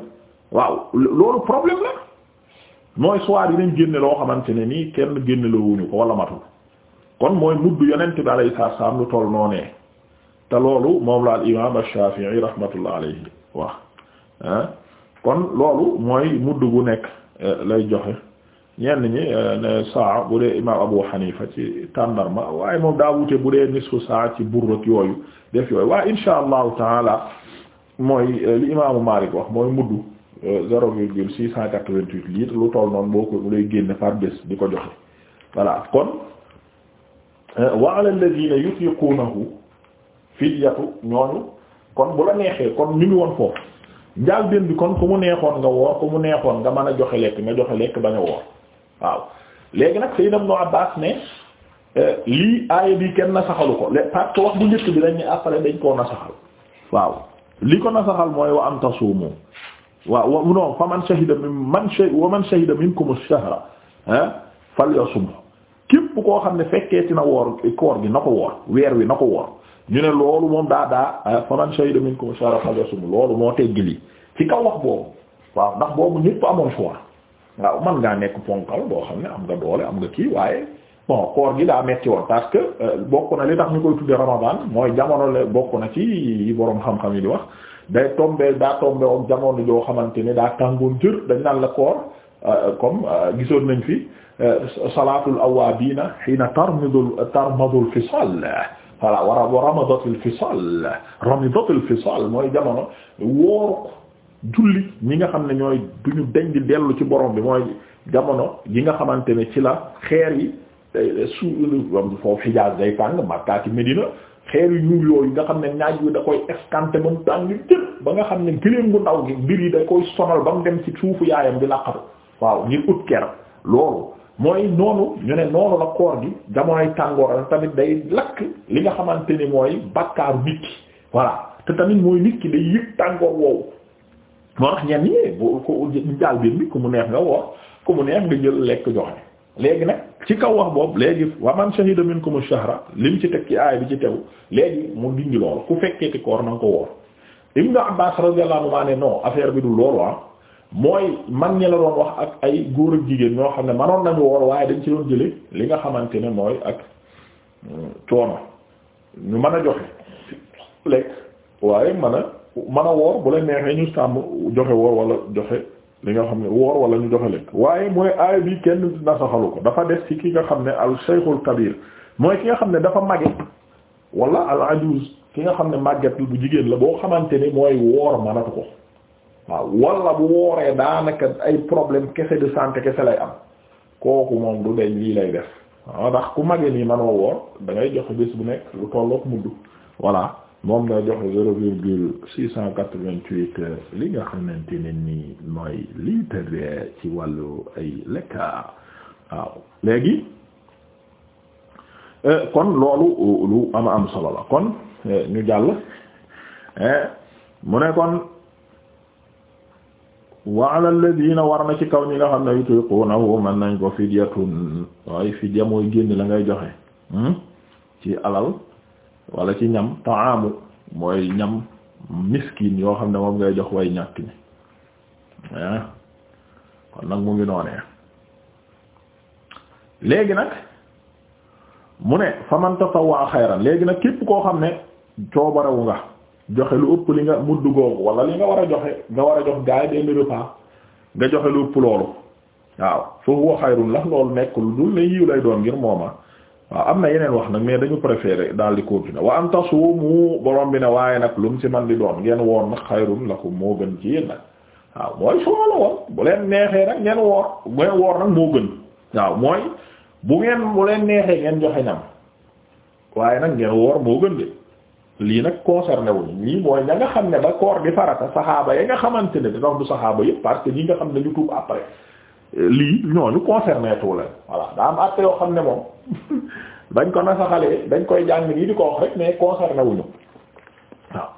waaw loolu problème la mooy soir yi dañ génne loo xamante ne nii kenn génne la wala matul kon mooy mudd yonent lu toll noonee te loolu moom la al imaam ash-Shafi'i rahmatullah alayhi ah. kon loolu mooy mudd bu nekk eh, lay joxe ñenn ñi eh, saa bu dee imaam Abu Hanifa ci tàndarma waaye moom daa wute bu dee nisfu saa ci burrut yooyu def yooyu waaye insha allahu taala mooy eh, li imaamu Malik wax mooy mudd zéro virgule six cent quatre-vingt-huit litres lu toll noonu boo ko lay génne par bés di ko joxe voilà kon wa ala alladhina fii yatu ñooñu kon bu la neexee kon ñu ngi woon foofu njaal benn bi kon ku mu neexoon nga woor ko mu neexoon nga mën a joxe lekk nga joxe lekk ba a woor waaw léegi nag Sayyid Ibn Abbas ne eh, lii aaya bi kenn na saxalu ko parce que wax bu njëkk bi dañ ne après dañ koo na saxal waaw li ko nasaxal saxal mooy wa an waaw non fa man shahida min man wa man shahida minkum ash-shahra eh, falyasum képp koo xam ne fekkee ci na woor koor gi na ko woor weer wi na ko woor ñu ne loolu moom daa daa ah, faman shahida minkum shahra falyasum loolu moo teggi lii ci kaw wax boobu waaw ndax boobu ñépp amoon choix waaw man ngaa nekk ponkal boo xam ne am nga doole am nga kii waaye bon koor gi daa metti woon parce que euh, bokk na li tax ñu koy tudde ramadan mooy jamono la bokk na ci boroom xam-xam yi di wax day tombe daa tombe woon jamono joo xamante ne daa tàngoon jër dañ naan la koor euh, comme euh, gisoon nañ fi salaatul awaabiina hiina tarmidul tarmadul fisal voilà war a wa ramadatul fisal ramidatul fisal mooy jamono woor julli ñi nga xam ne ñooy du ñu deñ di dellu ci borom bi mooy jamono yi nga xamante ne ci la xeer yi eh, su foofu Hijaaz day tàng Makka ci Medina xeer yu ñuul yooyu nga xam ne naaj wi da koy escanté ba mu tàng jëpp ba nga xam ne gëléem gu ndaw gi mbir yi da koy sonal ba mu dem ci suufu yaayam di làqatu waaw ngir ut ker loolu mooy noonu ñu ne noonu la koor gi jamonoy tàngoor la tamit day lakk li nga xamante ni mooy bakkaaru nit ki voilà te tamit mooy nit ki day yëg tàngoor woowu moo tax ñenn ñi bu ko jaal biir bi ku mu neex nga woor ku mu neex nga jël lekk joxe léegi nag ci kaw wax boobu léegi wa man shahida minkum shahra lim ci teg ci aay bi ci tew léegi mu dindi loolu ku fekkee ci koor na nga ko woor Ibnu Abbaas radiyallahu anhu ne no affaire bi du loolu ah mooy man ñi la doon wax ak ay góor ak jigéen ñoo xam ne manoon nañu woor waaye dañ ci doon jële li nga xamante ne mooy ak euh, coono ñu mën a joxe lekk waaye man a mën a woor bu la neexee ñu sàmm joxe woor wala joxe li nga xam ne woor wala ñu joxe lekk waaye mooy aaya bi kenn nasaxalu ko dafa des ci ki nga xam ne al shaykhul kabir mooy ki nga xam ne dafa màgge wala al ajuz ki nga xam ne màgget bu jigéen la boo xamante ni mooy woor mënatu ko waaw wala bu wooree daanaka ay problème kese de santé kese lay am kooku moom du deñ lii lay def waaw ndax ku mage nii manoo woor da ngay joxe bés bu nekk lu tollook mudd voilà moom ngay joxe zéro virgule six cent quatre-vingt-huit euh, li nga xamante ne nii mooy litre ci wàllu ay lekka waaw léegi euh, kon loolu lu am am solo la kon euh, ñu jàll mu ne kon wa ala na war na ci kaw ñi nga xam ne yutiqunahu mën nañ ko fidyatun waaye fidya mooy génn la ngay joxe hmm? ci alal walla ci ñam taamu mooy ñam miskin yoo xam ne moom ngay jox way ñàkk ñi ah nag mu ngi noonee léegi nag mu ne faman tatawwa xayran léegi nag képp koo xam ne coobarewu nga joxe lu ëpp li nga mudd googu wala li nga war a joxe nga war a jox gaay benn repas nga joxe lu ëpp loolu waaw fa huwa xayrun la loolu nekk lu dul ne yiw lay doon ngir mooma waaw am na yeneen wax nag mais dañu préféré daal di continuer am an tasuumu borom bi ne waaye nag lu mu ci man di doon ngeen woor nag xayrun lakum moo gën ci yéen nag waaw mooy soo bu leen neexee nag ngeen woor ngeen woor nag moo gën waaw mooy bu ngeen bu leen neexee ngeen joxe ñam waaye nag ngeen gën lii nag concerné wuñu nii mooy ña nga xam ne ba koor gi farata saxaaba ya nga xamante ne dafa du saxaaba yëpp parce que ñi nga xam ne ñu tuub après lii ñooñu concerné tout la voilà daa am àtte yoo xam ne moom <laughs> dañ ko nasaxalee dañ koy jàng nii di ko wax rek mais concerné wuñu waaw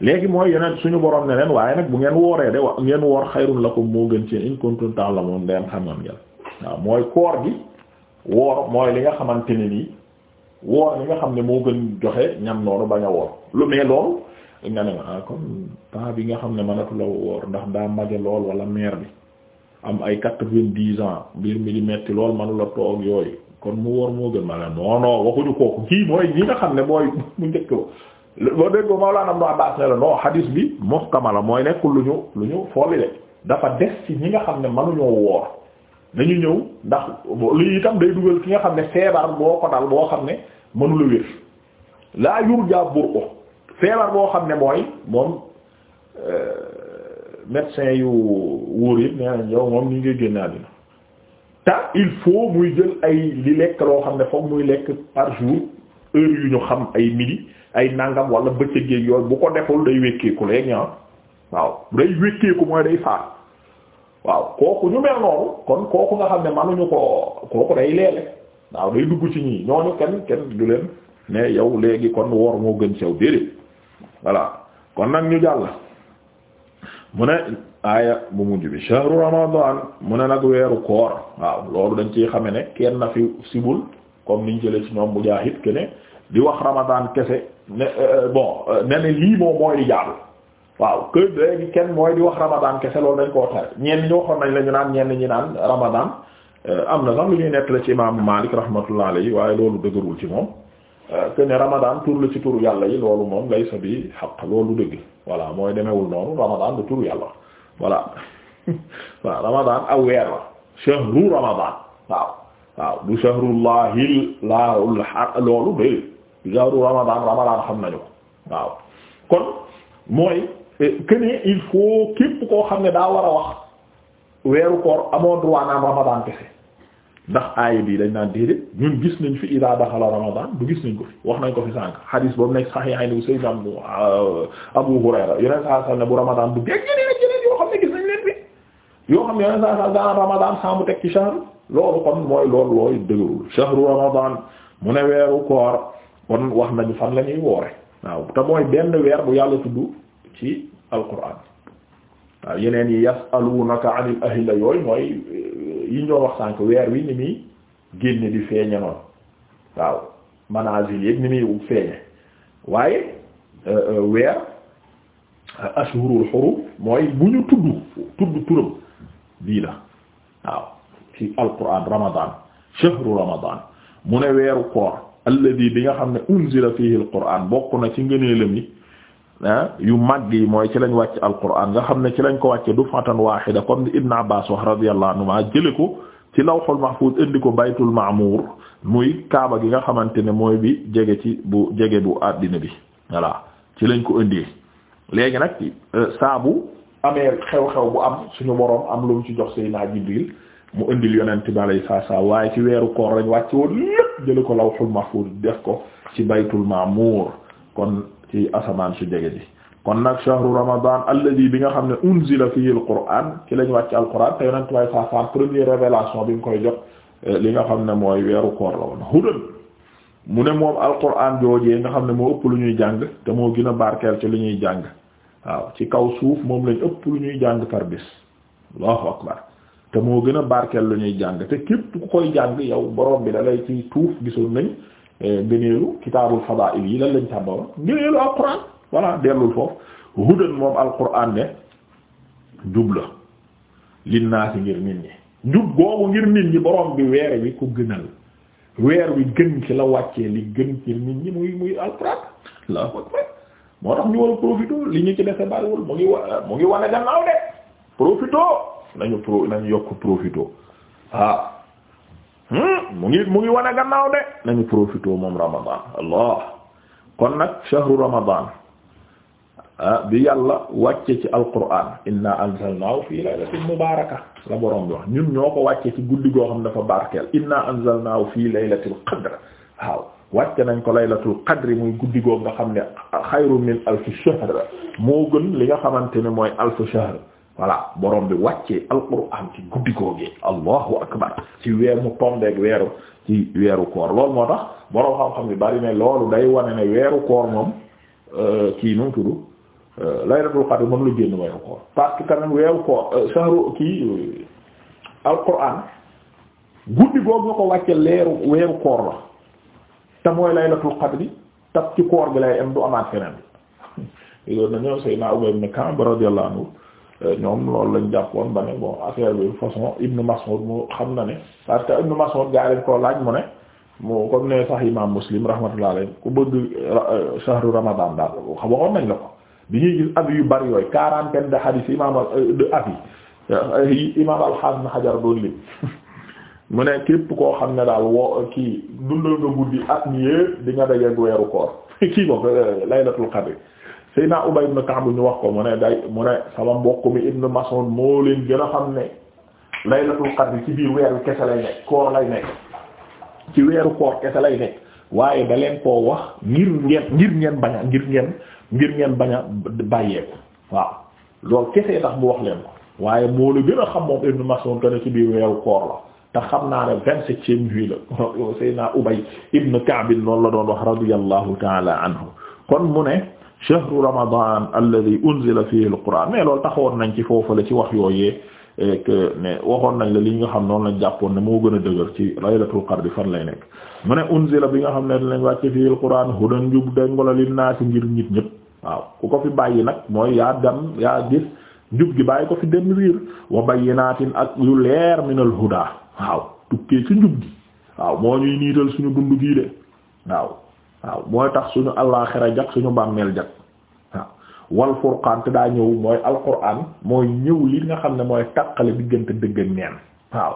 léegi mooy yeneen suñu borom ne leen waaye nag bu ngeen wooree de wa ngeen woor xayrun lakum moo gën ci in la moom ndeen xamoon ngeen waaw mooy gi woor li nga xamante ne nii woor li nga xam ne moo gën joxe ñam noonu bañ a woor lu mais loolu nga ne ma ah comme temps bi nga xam ne mënatu la woor ndax daa mage lool wala meer bi am ay quatre-vingt-dix ans mbir mi di metti lool manu la toog yooyu kon mu woor moo gën ma la non non waxuñu kooku kii mooy ñi nga xam ne mooy <laughs> mu njëkk ba dégg ko Mawlana Ibn Abbas ne la non hadis bi muhkama la mooy nekkul lu ñu lu ñu folli de dafa des ci ñi nga xam ne manuñoo woor nañu ñëw ndax lii itam day dugal ki nga xam ne feebar boo ko dal boo xam ne mënula wér laa yur jaab ko feebar boo xam ne mooy moom euh, médecin yu wóor yi nee nañ yow moom ni ngay génn àddina te il faut muy jël ay li lekk loo xam ne foog muy lekk par jour heure yu ñu xam ay midi ay nangam wala bëccëg yooyu bu ko deful day wékkeeku léegi ñaaw ah. waaw day wékkeeku mooy day faat waaw kooku ñu mel noonu kon kooku nga xam ne manuñu ko kooku day leele waaw day dugg ci ñii ñooñu kenn kenn du leen ne yow léegi kon woor moo gën sew déedéet voilà kon nag ñu jàll mu ne aaya bu mujj bi shahru ramadan mu ne nag weeru koor waaw loolu dañ ci xame ne kenn na fi sibul comme niñ jële ci ñoom Mujaahid ke ne di wax ramadan kese ne euh, bon euh, ne ne lii moom mooy jàll waaw que léegi kenn mooy di wax ramadan kese loolu dañ koo ñu waxoon nañ la ñu naan ñenn ñi naan ramadan euh, am na la lu ñuy nekk la ci imaamu Maalik rahmatullah alayhi waaye loolu dëgërul ci moom euh, que ne ramadan tur la ci turu yàlla yi loolu moom lay sa bi xaq loolu dëgg voilà mooy demewul noonu ramadan du turu yàlla voilà waaw <laughs> ramadan la shahru ramadan waaw waaw du shahrullahil laahul loolu de shahru ramadan ramadan xam nañu ko waaw kon mooy Euh, que ne il faut képp koo xam ne daa war a wax weeru koor amoon droit naan ramadan kese ndax aaya bii dañ naan déedéet ñun gis nañ fi idaa daxala ramadan du gis nañ ko fi wax nañ ko fi sànq xadiis boobu nekk saxiixay ni sayyid Abu euh, Hurayra yeneen saa sal ne bu ramadan bu géeg ñeneen ak ñeneen yoo xam ne gis nañ leen yoo xam ne ramadan saa teg ci shahr loolu kon mooy loolu looy dëgërul shahru ramadan mu ne weeru koor kon wax nañu fan la woore waaw te mooy alquran waaw yeneen yi yasalunaka anil ahilla yooyu mooy yi ñu doon wax sànk weer wi ni muy génne di feeñe noonu waaw manazil yëpp ni muy feeñe waaye euh, euh, weer ashhurul hurum mooy bu ñu tudd tudd turam bii la waaw ci alquran ramadan shahru ramadan mu ne weeru koor alladi bi nga xam ne unzila fihi alquran bokk na ci ngëneelam yi Ah, yu mag yi mooy ci lañ wàcc alquran nga xam ne ci lañ ko wàcce du fatan wahida comme ni Ibn Abbas wax radiyallahu anhuma ah, jële ko ci lawhul mahfuz indi ko baytul ma'mur muy kaaba gi nga xamante ne mooy bi jege ci bu jege bu àddina bi voilà ci lañ ko indee léegi nag euh, saabu bu amee xew-xew bu am suñu boroom am lu mu ci jox Seydina Jibril mu indil yonent bi alayhi salaam waaye ci weeru koor lañ wàcce woon lépp jële ko lawhul mahfuz def ko ci baytul ma'mur kon ci asamaan su jege ji kon nag shahru ramadan alladhi bi nga xam ne unzila fihi alquran ci lañ wàcc alquran te yonent way saa saa première révélation bi mu koy jot eh, li nga xam ne mooy weeru koor la woon hudan mu ne moom alquran joojee nga xam ne moo ëpp lu ñuy jàng te moo gën a barkeel ci lu ñuy jàng waaw ci kaw suuf moom lañ ëpp lu ñuy jàng par bis allahu te moo gën a barkeel lu ñuy jàng te képp ku koy jàng yow borom bi dalay lay ci tuuf gisoon nañ ngëneelu kitaabul fadaa'il yi lan lañ tàmbawoon ngëneelu alquran voilà dellul foofu hudan moom alquran ne jub la linnaasi ngir nit ñi jub googu ngir nit ñi borom bi weer wi ko gënal weer wi gën ci la wàccee li gën ci nit ñi muy muy alquran la ko moo tax ñu war a li ñu ci dese bariwul mu ngi wa mu ngi wane gannaaw de profité nañu pro nañu yokk profité ah. Hmm, mu ngi mu ngi wane gannaaw de nañu profité moom ramadan allah kon nag shahru ramadan ah, bi yàlla wàcce ci alquran inna anzalnaahu fi laylatin mubaaraka la borom bi wax ñun ñoo ko wàcce ci guddi goo xam dafa barkeel inna anzalnaahu fi laylatil qadr waaw wàcce nañ ko laylatul qadri muy guddi goo nga xam ne xayru min alf shahr moo gën li nga xamante ne mooy alf shahr voilà borom bi wàccee alquran ci guddi googee allahu akbar ci weer mu tombeeg weeru ci weeru koor loolu moo tax borom xam-xam bi bari ne loolu day wane ne weeru koor moom euh, kii nu mu tudd euh, laylatul qadr mën lu génn weeru koor parce que weeru koor euh, shahru kii alquran guddi googu nga ko wàcce leeru weeru koor la te mooy laylatul qadri tab ci koor gi lay am du amaat feneen bi loolu na ñëw Seydina Ubay ibn Ka'b radiyallahu anhu Euh, ñoom loolu lañ jàppoon ba ne bon affaire bi façon Ibn Mas'ud mu xam na ne parce que Ibn Mas'ud gaa leen koo laaj mu ne mu comme ne sax imam Muslim rahmatullah ku bëgg euh, shahru Ramadan daal waxoon nañ la ko bi ñuy gis abi yu bari yooyu quarantaine de hadith imam euh, de abi imam al-Hasan Hajar doon lim <laughs> mu ne képp koo xam ne daal woo kii dundal nga guddi at mi yépp di nga dajeek weeru koor <laughs> kii boobu laylatul qadr Seydina Ubay ibn Ka'b ñu wax ko mu ne day mu ne sama mbokk mi Ibn Mas'ud moo leen gën a xam ne laylatul qadr ci biir weeru kese lay nekk koor lay nekk ci weeru koor kese lay nekk waaye da leen koo wax ngir ngeen ngir ngeen bañ ngir ngeen ngir ngeen bañ a bàyyeeku waaw loolu kese tax mu wax leen ko waaye moo la gën a xam moom Ibn Mas'ud que ne ci biir weeru koor la te xam naa ne vingt-septième nuit la <laughs> Seydina Ubay ibn Ka'b noonu la doon wax radiyallahu ta'ala anhu kon mu ne shahru ramadan alladhi unzila fihi alquran mais loolu taxawoon nañ ci foofale ci wax yooyee que waxoon nañ la li nga xam noonu lañ jàppoon ne moo gën a dëgër ci laylatul qadr fan lay nekk mu ne unzila bi nga xam ne lañ wàcc fihi alquran hudan njub déngola lin naas ngir nit ñëpp waaw ku ko fi bàyyi nag mooy yaa dem yaa gis njub gi bàyyi ko fi dem riir wa bayyinaatin ak yu leer minal huda waaw tukkee ci njub gi waaw moo ñuy niital suñu dund gii de waaw waaw mooy tax suñu allaaxira jag suñu bàmmeel jag waaw wal furqaan te daa ñëw mooy alquraan mooy ñëw li nga xam ne mooy taqale diggante dëgg ak neen waaw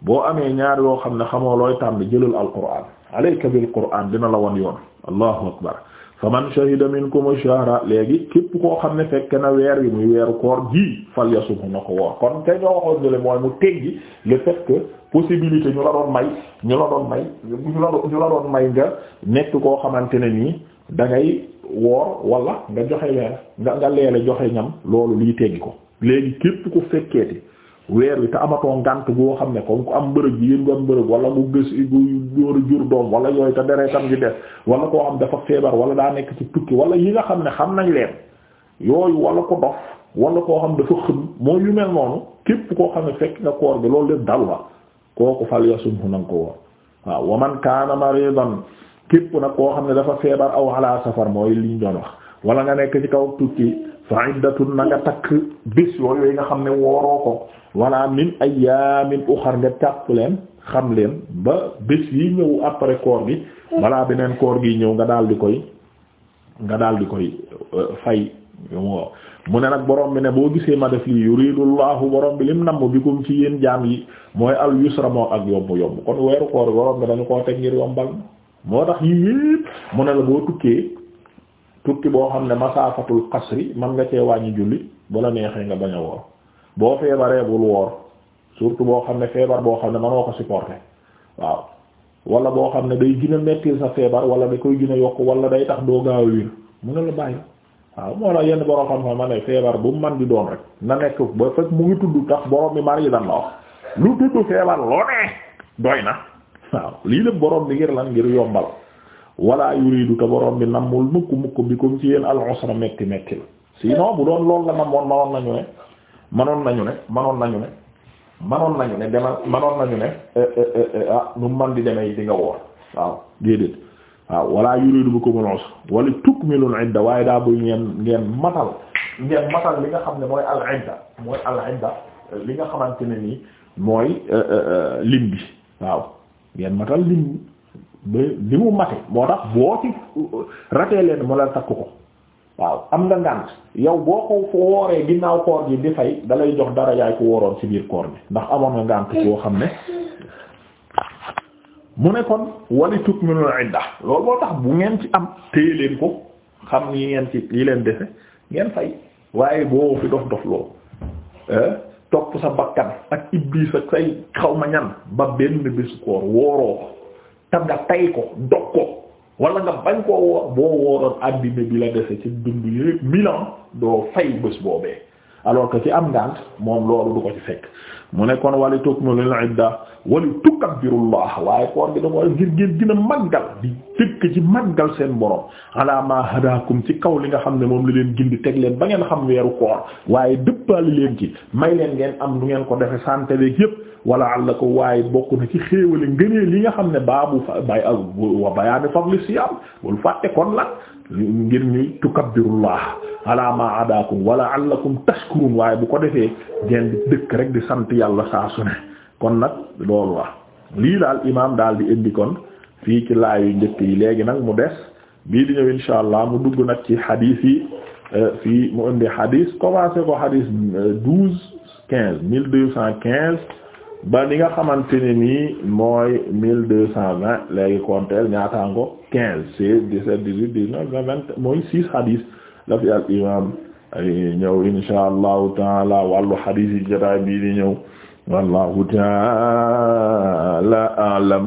boo amee ñaar yoo xam ne xamoo looy tànn jëlal alquraan alayka bil quraan dina la won yoon allahu akbar faman shahida minkum shahra léegi képp koo xam ne fekk na weer yi muy weeru koor gi fal yasumhu na ko woor kon te ñoo waxoon jële mooy mu teggi le fait que possibilité ñu la doon may ñu la doon may ñu la doon may nga nekk koo xamante ne nii dangay ngay woor wala nga joxe weer nga nga leele joxe ñam loolu liy teggi ko léegi képp ku fekkeeti weer wi te amatoo ngànt goo xam ne comme am mbërëg bi yéen gu am mbërëg wala mu gës gu góor jur doom wala yooyu te deretam gi des wala koo xam dafa feebar wala daa nekk ci tukki wala yi nga xam ne xam nañ leen yooyu wala ko dof wala koo xam dafa xëm mooy yu mel noonu képp koo xam ne fekk nga koor bi loolu def dalu la kooku fal yasumhu na nga ko woor waaw waman kaana maridan képp nag koo xam ne dafa feebar aw ala safar mooy liñ doon wax wala nga nekk ci kaw tukki fa iddatun na nga takk bés yooyu nga xam ne wooroo ko wala min ayaamin uxar nga jàpp leen xam leen ba bés yi ñëw après koor gi balaa beneen koor gi ñëw nga daal di koy nga daal di koy euh, fay mu ne nag borom bi ne boo gisee ma def lii yuridullahu borom bi lim namm bikum ci yéen jaam yi mooy al yusra moo ak yomb yomb kon weeru koor borom bi dañu koo teg ngir yombal moo tax yii yépp mu ne la boo tukkee tukki boo xam ne masaafatul qasri man nga cee wàññi julli bu la neexee nga bañ a woor boo feebaree bul woor surtout boo xam ne feebar boo xam ne mënoo ko supporter waaw boo xam ne day gën feebar wala da koy gën yokk wala day tax doo gaaw a wér mu ne la bàyyi waaw moo la yenn borom xam-xam ma ne feebar bu man di doon rek na nekk ba fekk mu ngi tudd tax borom bi mari dan la wax lu tudd feebar loo ne doy na waaw lii lépp borom bi ngir lan ngir yombal wala yuridu te borom bi nammul mukk mukk bi comme ci yéen al usra metti metti la sinon bu doon loolu la namoon manoon nañu ne manoon nañu ne manoon nañu ne manoon nañu ne dema manoon nañu ne eh, eh, eh, ah nu man di demee di nga woor waaw déedéet waaw wala yuridu bikum al usra wala tukmilul idda waaye daa bu ngeen ngeen matal ngeen matal li nga xam ne mooy al idda li nga xamante ne nii mooy lim bi waaw ngeen matal lim bi ba li mu mate moo tax boo ci ratee leen mu la takk ko waaw am nga ngànt yow boo ko wooree ginnaaw koor gi di fay dalay jox dara yaay ko woroon ci biir koor bi ndax amoon nga ngànt koo xam ne mu ne kon wali tukmilul idda loolu moo ngeen ci am téye leen yi ngeen ci yi leen defe ngeen fay waaye boo fi dof dof loo eh topp sa bakkan ak iblis ak say xaw ma ñan ba benn bésu koor wooroo ko tam nga tay ko dog ko wala nga bañ koo woor boo wooroon àddina bi la dese ci dund yépp milan doo fay bés boobee alors que ci am ngant moom loolu du ko ci fekk mu ne kon wali tukmilul idda wali tukabbirullah waaye koor gi da ko ngir ngeen gën a màggal di tëkk ci màggal seen borom ala ma hadakum ci kaw li nga xam ne moom la leen gindi teg leen ba ngeen xam weeru koor waaye dëppaali leen ci may leen ngeen am lu ngeen ko defe santé beeg yépp wala àlla ko waaye bokk na ci xéewale ngënee li nga xam ne baabu bay ak wa bayaani fadli siyam bul fàtte kon lan ngir ñuy tukabbirullah ala ma hadakum wala allakum tashkurun waaye bu ko defee gen dëkk rek di sant yàlla saa su kon nag loolu wax lii daal imaam daal fii ci laayu njëkk yi léegi nag mu des bii di ñëw insha mu dugg nag ci xadiis yi euh, fii mu indi xadiis commencé ko xadiis euh, douze quinze mille deux cent quinze ba ni nga xamante ne nii mooy mille deux cent vingt léegi konteel ñaataango quinze seize dix-sept dix-huit dix-neuf mooy six xadiis la fi al imam euh, ñëw insha taala wàllu xadiis yi bii di ñëw wallahu taala alam